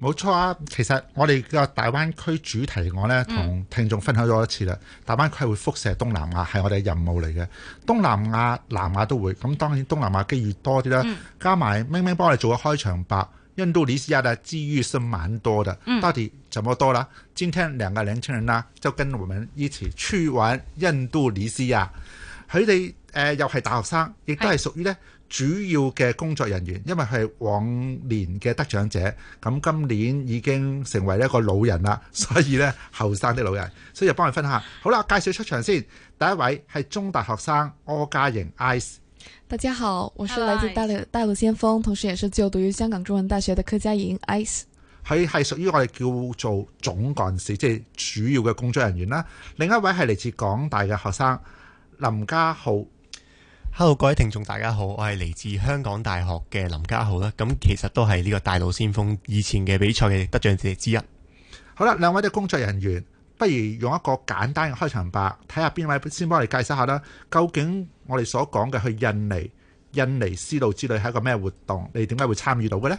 冇、啊、錯啊！其實我哋個大灣區主題我呢，同聽眾分享咗一次啦、嗯。大灣區會輻射東南亞係我哋任務嚟嘅，東南亞、南亞都會。咁當然東南亞機遇多啲啦、嗯。加埋明明幫我哋做咗開場白。印度尼西亞的資源是蠻多的，到底怎麼多啦、嗯？今天兩個年輕人啦，就跟我們一起去玩印度尼西亞。佢哋誒又係大學生，亦都係屬於呢。主要嘅工作人員，因為係往年嘅得獎者，咁今年已經成為了一個老人啦，所以呢，後生啲老人， 所以就幫你分下。好啦，介紹出場先。第一位係中大學生柯嘉瑩 Ice，大家好，我是來自大陸大陸先鋒，同時也是就讀於香港中文大學的柯嘉瑩 Ice。佢係屬於我哋叫做總幹事，即係主要嘅工作人員啦。另一位係嚟自港大嘅學生林嘉澔。hello，各位聽眾大家好，我係嚟自香港大學嘅林嘉澔啦，咁其實都係呢個大路先鋒以前嘅比賽嘅得獎者之一。好啦，兩位嘅工作人員，不如用一個簡單嘅開場白，睇下邊位先幫我哋介紹下啦。究竟我哋所講嘅去印尼、印尼絲路之旅係一個咩活動？你點解會參與到嘅呢？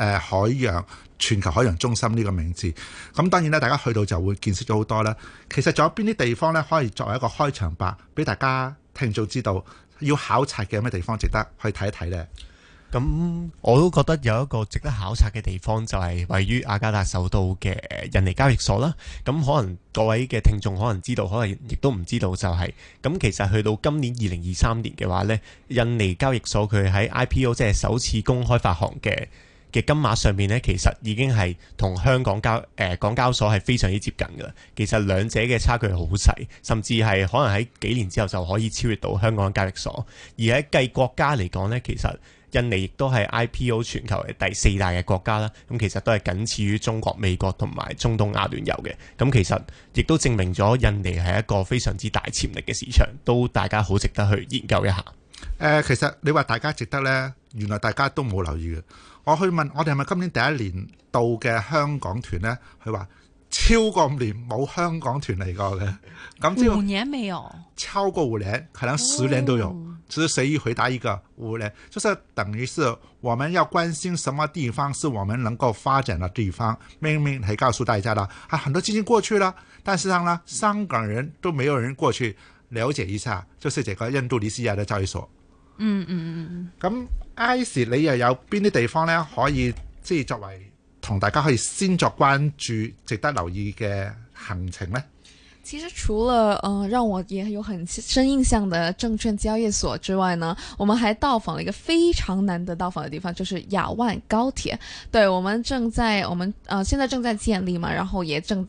誒海洋全球海洋中心呢個名字，咁當然咧，大家去到就會見識咗好多啦。其實仲有邊啲地方呢，可以作為一個開場白俾大家聽眾知道，要考察嘅咩地方值得去睇一睇呢？咁、嗯、我都覺得有一個值得考察嘅地方就係位於雅加達首都嘅印尼交易所啦。咁、嗯、可能各位嘅聽眾可能知道，可能亦都唔知道就係、是、咁、嗯。其實去到今年二零二三年嘅話呢，印尼交易所佢喺 IPO 即係首次公開發行嘅。嘅金額上面呢，其實已經係同香港交、呃、港交所係非常之接近嘅啦。其實兩者嘅差距好細，甚至係可能喺幾年之後就可以超越到香港交易所。而喺計國家嚟講呢，其實印尼亦都係 IPO 全球嘅第四大嘅國家啦。咁其實都係僅次於中國、美國同埋中東亞聯遊嘅。咁其實亦都證明咗印尼係一個非常之大潛力嘅市場，都大家好值得去研究一下。呃、其實你話大家值得呢？原來大家都冇留意嘅。我去問我哋係咪今年第一年到嘅香港團呢？佢話超過五年冇香港團嚟過嘅。咁五年未有？超過五年，可能十年都有。哦、只是隨意回答一個五年，就是等於是我們要關心什麼地方是我們能夠發展的地方。明明係告訴大家啦，啊，很多資金過去了，但事實上呢，香港人都沒有人過去了解一下，就是這個印度尼西亞的交易所。嗯嗯嗯嗯，咁、嗯。I 市，你又有邊啲地方咧，可以即係作為同大家可以先作關注、值得留意嘅行程咧？其實除了嗯、呃，讓我也有很深印象的證券交易所之外呢，我們還到訪了一個非常難得到訪的地方，就是雅萬高鐵。對我們正在，我們誒、呃，現在正在建立嘛，然後也正。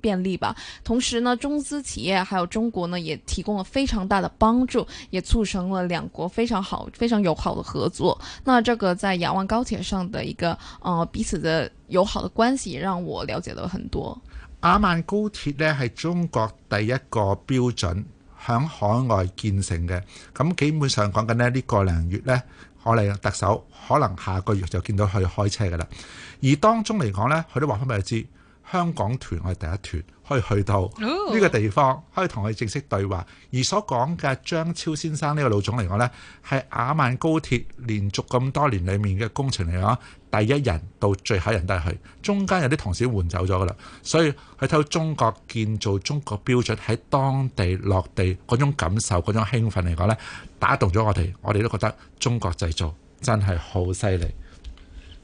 便利吧，同時呢，中資企業還有中國呢，也提供了非常大的幫助，也促成了兩國非常好、非常友好的合作。那這個在雅萬高鐵上的一個，呃，彼此的友好的關係，讓我了解了很多。雅萬高鐵呢，係中國第一個標準響海外建成嘅，咁基本上講緊呢，呢、呢個零月呢，可能特首可能下個月就見到佢開車噶啦。而當中嚟講呢，佢都話翻俾你知。香港團我係第一團可以去到呢個地方，可以同佢正式對話。而所講嘅張超先生呢個老總嚟講呢，係雅萬高鐵連續咁多年裡面嘅工程嚟講，第一人到最後人都係佢。中間有啲同事換走咗㗎喇，所以佢睇到中國建造中國標準喺當地落地嗰種感受、嗰種興奮嚟講呢，打動咗我哋。我哋都覺得中國製造真係好犀利。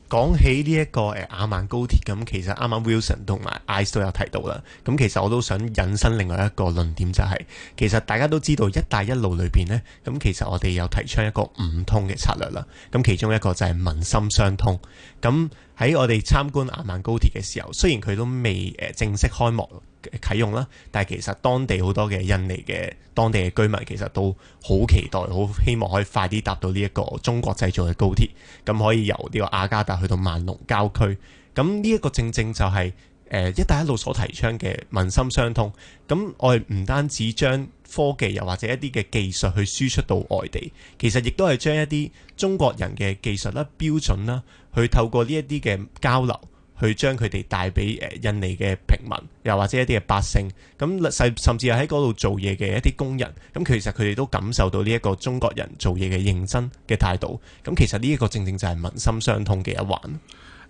講起呢一個誒雅萬高鐵咁，其實啱啱 Wilson 同埋 Ice 都有提到啦。咁其實我都想引申另外一個論點，就是，就係其實大家都知道一帶一路裏面呢，咁其實我哋有提倡一個五通嘅策略啦。咁其中一個就係民心相通。咁喺我哋參觀雅萬高鐵嘅時候，雖然佢都未誒正式開幕，啟用啦，但係其實當地好多嘅印尼嘅當地嘅居民其實都好期待，好希望可以快啲搭到呢一個中國製造嘅高鐵，咁可以由呢個雅加達去到萬隆郊區。咁呢一個正正就係、是呃、一帶一路所提倡嘅民心相通。咁我哋唔單止將科技又或者一啲嘅技術去輸出到外地，其實亦都係將一啲中國人嘅技術啦、標準啦，去透過呢一啲嘅交流。去將佢哋帶俾誒印尼嘅平民，又或者一啲嘅百姓，咁甚至係喺嗰度做嘢嘅一啲工人，咁其實佢哋都感受到呢一個中國人做嘢嘅認真嘅態度。咁其實呢一個正正就係民心相通嘅一環。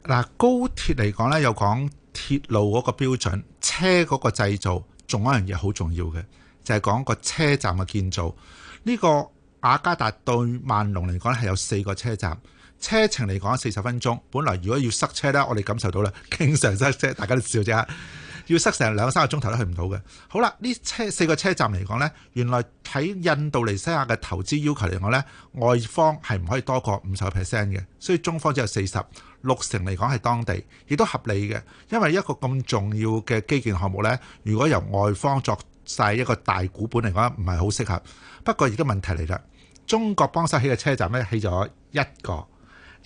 嗱，高鐵嚟講呢，又講鐵路嗰個標準，車嗰個製造，仲有一樣嘢好重要嘅，就係、是、講個車站嘅建造。呢、這個雅加達對萬隆嚟講咧，係有四個車站。車程嚟講，四十分鐘。本來如果要塞車咧，我哋感受到啦，經常塞車，大家都笑啫。要塞成兩三個鐘頭都去唔到嘅。好啦，呢四個車站嚟講呢，原來喺印度尼西亞嘅投資要求嚟講呢，外方係唔可以多過五十個 percent 嘅，所以中方只有四十六成嚟講係當地，亦都合理嘅。因為一個咁重要嘅基建項目呢，如果由外方作晒一個大股本嚟講，唔係好適合。不過而家問題嚟啦，中國幫手起嘅車站呢，起咗一個。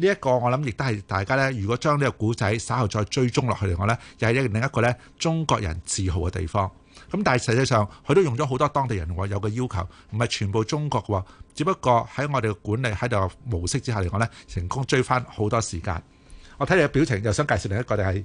呢一個我諗亦都係大家呢，如果將呢個古仔稍後再追蹤落去嚟講呢，又係一另一個呢中國人自豪嘅地方。咁但係實際上佢都用咗好多當地人話有嘅要求，唔係全部中國嘅。只不過喺我哋嘅管理喺度模式之下嚟講呢，成功追翻好多時間。我睇你嘅表情，又想介紹另一個定係。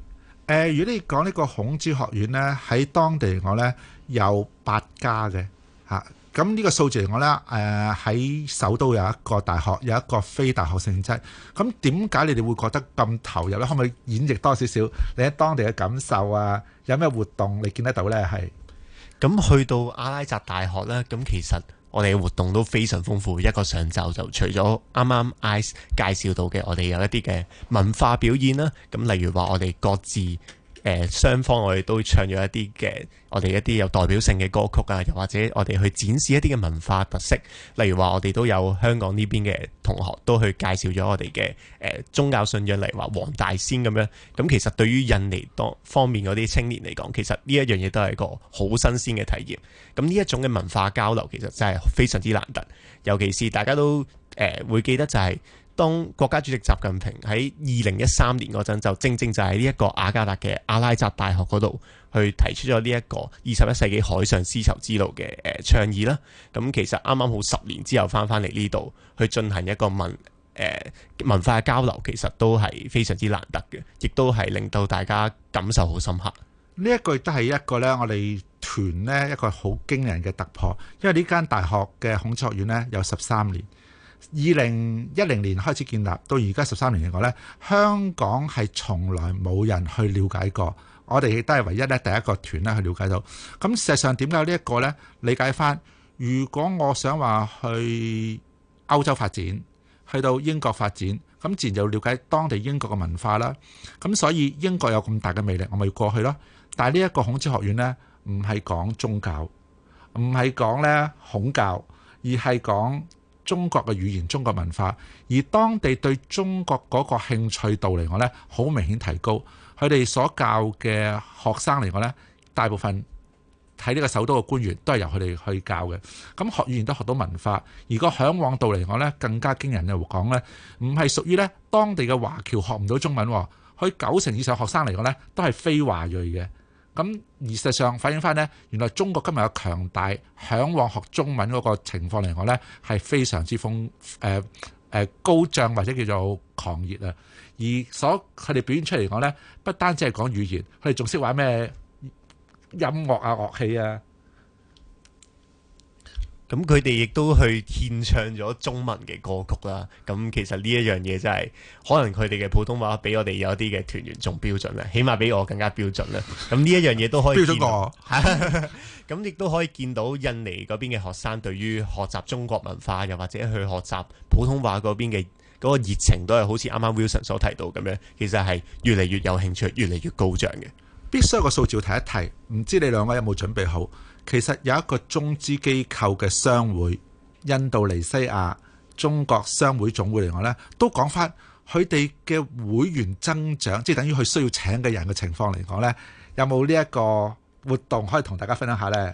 誒、呃，如果你講呢個孔子學院呢，喺當地嚟講、啊這個、呢，有八家嘅嚇，咁呢個數字嚟講呢，誒喺首都有一個大學，有一個非大學性質。咁點解你哋會覺得咁投入呢？可唔可以演繹多少少你喺當地嘅感受啊？有咩活動你見得到呢？係咁去到阿拉扎大學呢，咁其實。我哋嘅活動都非常豐富，一個上晝就除咗啱啱 Ice 介紹到嘅，我哋有一啲嘅文化表演啦，咁例如話我哋各自。誒、呃、雙方我哋都唱咗一啲嘅，我哋一啲有代表性嘅歌曲啊，又或者我哋去展示一啲嘅文化特色，例如話我哋都有香港呢邊嘅同學都去介紹咗我哋嘅、呃、宗教信仰嚟話黃大仙咁樣，咁其實對於印尼當方面嗰啲青年嚟講，其實呢一樣嘢都係一個好新鮮嘅體驗。咁呢一種嘅文化交流其實真係非常之難得，尤其是大家都誒、呃、會記得就係、是。當國家主席習近平喺二零一三年嗰陣，就正正就喺呢一個雅加達嘅阿拉扎大學嗰度，去提出咗呢一個二十一世紀海上絲綢之路嘅誒倡議啦。咁其實啱啱好十年之後翻翻嚟呢度，去進行一個文誒、呃、文化交流，其實都係非常之難得嘅，亦都係令到大家感受好深刻。呢一,一個都係一個呢，我哋團呢一個好驚人嘅突破，因為呢間大學嘅孔子學院呢，有十三年。二零一零年開始建立，到而家十三年嚟講咧，香港係從來冇人去了解過，我哋亦都係唯一咧第一個團咧去瞭解到。咁事實上點解有呢一個呢？理解翻，如果我想話去歐洲發展，去到英國發展，咁自然就瞭解當地英國嘅文化啦。咁所以英國有咁大嘅魅力，我咪要過去咯。但係呢一個孔子學院呢，唔係講宗教，唔係講呢孔教，而係講，中國嘅語言、中國文化，而當地對中國嗰個興趣度嚟講呢，好明顯提高。佢哋所教嘅學生嚟講呢，大部分喺呢個首都嘅官員都係由佢哋去教嘅。咁學語言都學到文化，而個向往度嚟講呢，更加驚人嘅講呢，唔係屬於呢當地嘅華僑學唔到中文，佢九成以上學生嚟講呢，都係非華裔嘅。.咁而實際上反映翻呢，原來中國今日嘅強大，嚮往學中文嗰個情況嚟講呢，係非常之瘋誒誒高漲，或者叫做狂熱啊！而所佢哋表現出嚟講呢，不單止係講語言，佢哋仲識玩咩音樂啊，樂器啊！咁佢哋亦都去獻唱咗中文嘅歌曲啦。咁其實呢一樣嘢真係，可能佢哋嘅普通話比我哋有啲嘅團員仲標準啦，起碼比我更加標準啦。咁呢一樣嘢都可以。標準過。咁亦都可以見到印尼嗰邊嘅學生對於學習中國文化，又或者去學習普通話嗰邊嘅嗰個熱情，都係好似啱啱 Wilson 所提到咁樣，其實係越嚟越有興趣，越嚟越高漲嘅。必須個數字要提一提，唔知你兩位有冇準備好？其實有一個中資機構嘅商會，印度尼西亞中國商會總會嚟講呢，都講翻佢哋嘅會員增長，即係等於佢需要請嘅人嘅情況嚟講呢，有冇呢一個活動可以同大家分享下呢？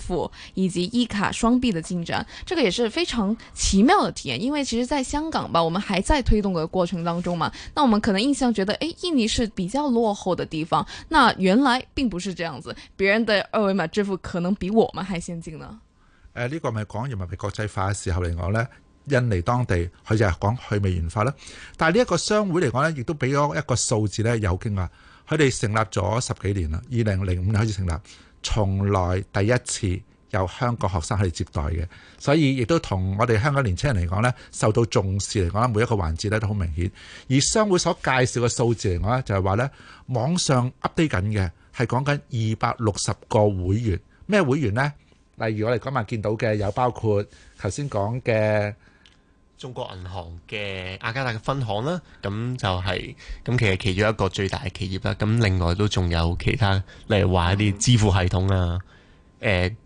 付以及一卡雙幣的進展，這個也是非常奇妙的體驗。因為其實，在香港吧，我們還在推動的過程當中嘛。那我們可能印象覺得，誒、哎，印尼是比較落後的地方。那原來並不是這樣子，別人的二維碼支付可能比我們還先進呢。誒、呃，呢、呢個咪講人民幣國際化嘅時候嚟講呢？印尼當地佢就係講去美元化啦。但係呢一個商會嚟講呢，亦都俾咗一個數字呢，有驚訝，佢哋成立咗十幾年啦，二零零五年開始成立。從來第一次由香港學生去接待嘅，所以亦都同我哋香港年輕人嚟講咧，受到重視嚟講啦，每一個環節咧都好明顯。而商會所介紹嘅數字嚟講咧，就係話咧網上 update 緊嘅係講緊二百六十個會員，咩會員呢？例如我哋嗰晚見到嘅有包括頭先講嘅。中國銀行嘅雅加達嘅分行啦，咁就係咁，其實其中一個最大嘅企業啦，咁另外都仲有其他，例如話一啲支付系統啊，誒，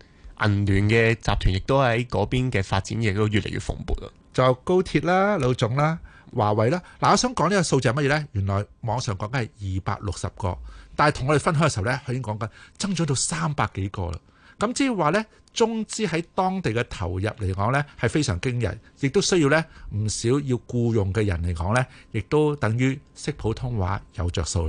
銀聯嘅集團亦都喺嗰邊嘅發展，亦都越嚟越蓬勃啊！就高鐵啦、老總啦、華為啦，嗱，我想講呢個數字係乜嘢咧？原來網上講緊係二百六十個，但係同我哋分開嘅時候咧，佢已經講緊增長到三百幾個啦。咁即係話咧。中資喺當地嘅投入嚟講呢，係非常驚人，亦都需要呢唔少要僱用嘅人嚟講呢，亦都等於識普通話有着數。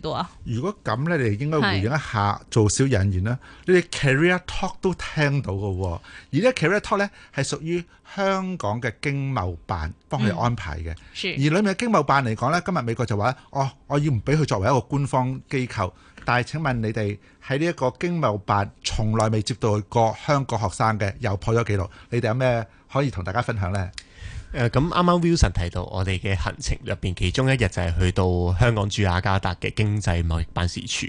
如果咁咧，你哋應該回應一下做小引言啦。呢啲 career talk 都聽到嘅，而呢 career talk 咧係屬於香港嘅經貿辦幫佢安排嘅。而裡面嘅經貿辦嚟講咧，今日美國就話：哦，我我要唔俾佢作為一個官方機構。但係請問你哋喺呢一個經貿辦從來未接到過香港學生嘅，又破咗紀錄。你哋有咩可以同大家分享咧？誒，咁啱啱 Wilson 提到，我哋嘅行程入邊，其中一日就係去到香港駐雅加達嘅經濟貿易辦事處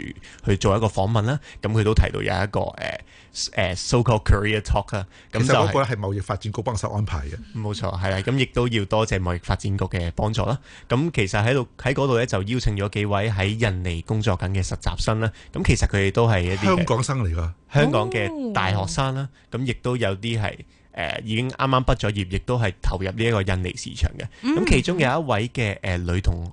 去做一個訪問啦。咁佢都提到有一個誒誒 so called career talk 啊。其實嗰個係貿易發展局幫手安排嘅。冇錯，係啦。咁亦都要多謝貿易發展局嘅幫助啦。咁其實喺度喺嗰度咧，就邀請咗幾位喺印尼工作緊嘅實習生啦。咁其實佢哋都係一啲香港生嚟噶，香港嘅大學生啦。咁亦都有啲係。誒、呃、已經啱啱畢咗業，亦都係投入呢一個印尼市場嘅。咁、嗯、其中有一位嘅誒、呃、女同誒、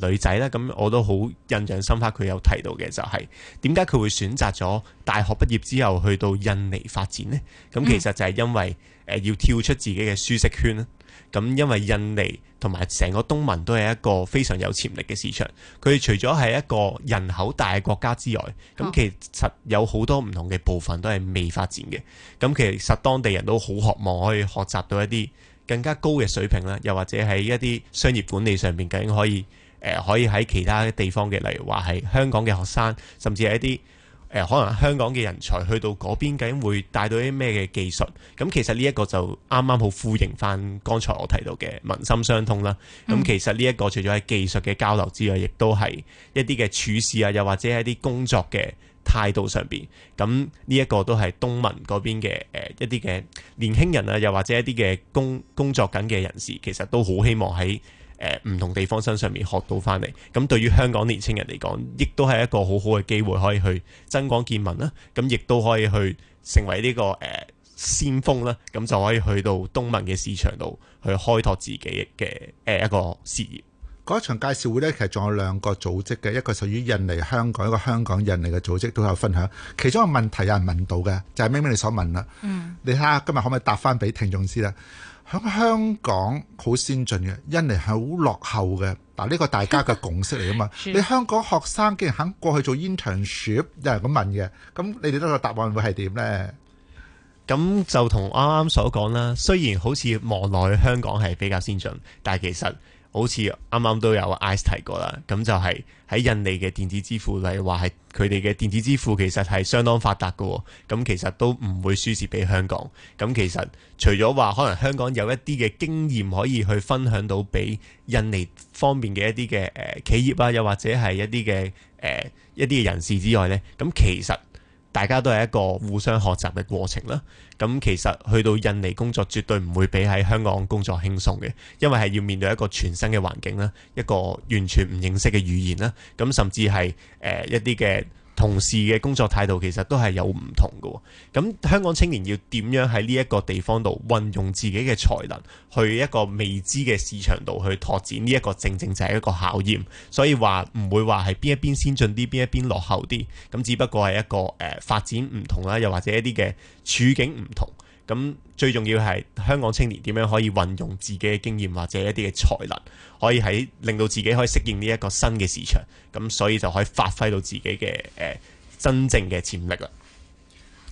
呃、女仔咧，咁我都好印象深刻。佢有提到嘅就係點解佢會選擇咗大學畢業之後去到印尼發展呢？咁其實就係因為誒、呃、要跳出自己嘅舒適圈啦。咁因為印尼同埋成個東盟都係一個非常有潛力嘅市場，佢哋除咗係一個人口大嘅國家之外，咁其實有好多唔同嘅部分都係未發展嘅。咁其實當地人都好渴望可以學習到一啲更加高嘅水平啦，又或者喺一啲商業管理上面，究竟可以、呃、可以喺其他地方嘅，例如話係香港嘅學生，甚至係一啲。誒、呃、可能香港嘅人才去到嗰邊，究竟會帶到啲咩嘅技術？咁其實呢一個就啱啱好呼應返剛才我提到嘅民心相通啦。咁其實呢一個除咗係技術嘅交流之外，亦都係一啲嘅處事啊，又或者一啲工作嘅態度上面。咁呢一個都係東盟嗰邊嘅一啲嘅年輕人啊，又或者一啲嘅工工作緊嘅人士，其實都好希望喺。誒，唔同地方身上面學到翻嚟，咁對於香港年青人嚟講，亦都係一個好好嘅機會，可以去增廣見聞啦。咁亦都可以去成為呢、這個誒、呃、先鋒啦。咁就可以去到東盟嘅市場度去開拓自己嘅誒一個事業。嗰一場介紹會呢，其實仲有兩個組織嘅，一個屬於印尼香港，一個香港印尼嘅組織都有分享。其中一個問題有人問到嘅，就係、是、明明你所問啦。嗯，你睇下今日可唔可以答翻俾聽眾知咧？喺香港好先進嘅，印尼係好落後嘅。嗱，呢個大家嘅共識嚟啊嘛。 你香港學生竟然肯過去做 internship，有人咁問嘅，咁你哋得個答案會係點呢？咁就同啱啱所講啦。雖然好似望落香港係比較先進，但係其實。好似啱啱都有 Ice 提過啦，咁就係喺印尼嘅電子支付，例如話係佢哋嘅電子支付，其實係相當發達喎。咁其實都唔會輸蝕俾香港。咁其實除咗話可能香港有一啲嘅經驗可以去分享到俾印尼方面嘅一啲嘅誒企業啊，又或者係一啲嘅誒一啲嘅人士之外呢，咁其實大家都係一個互相學習嘅過程啦。咁其實去到印尼工作絕對唔會比喺香港工作輕鬆嘅，因為係要面對一個全新嘅環境啦，一個完全唔認識嘅語言啦，咁甚至係，呃，一啲嘅同事嘅工作態度其實都係有唔同嘅，咁香港青年要點樣喺呢一個地方度運用自己嘅才能去一個未知嘅市場度去拓展呢一個，正正就係一個考驗。所以話唔會話係邊一邊先進啲，邊一邊落後啲，咁只不過係一個誒、呃、發展唔同啦，又或者一啲嘅處境唔同。咁最重要係香港青年點樣可以運用自己嘅經驗或者一啲嘅才能，可以喺令到自己可以適應呢一個新嘅市場，咁所以就可以發揮到自己嘅誒、呃、真正嘅潛力啦。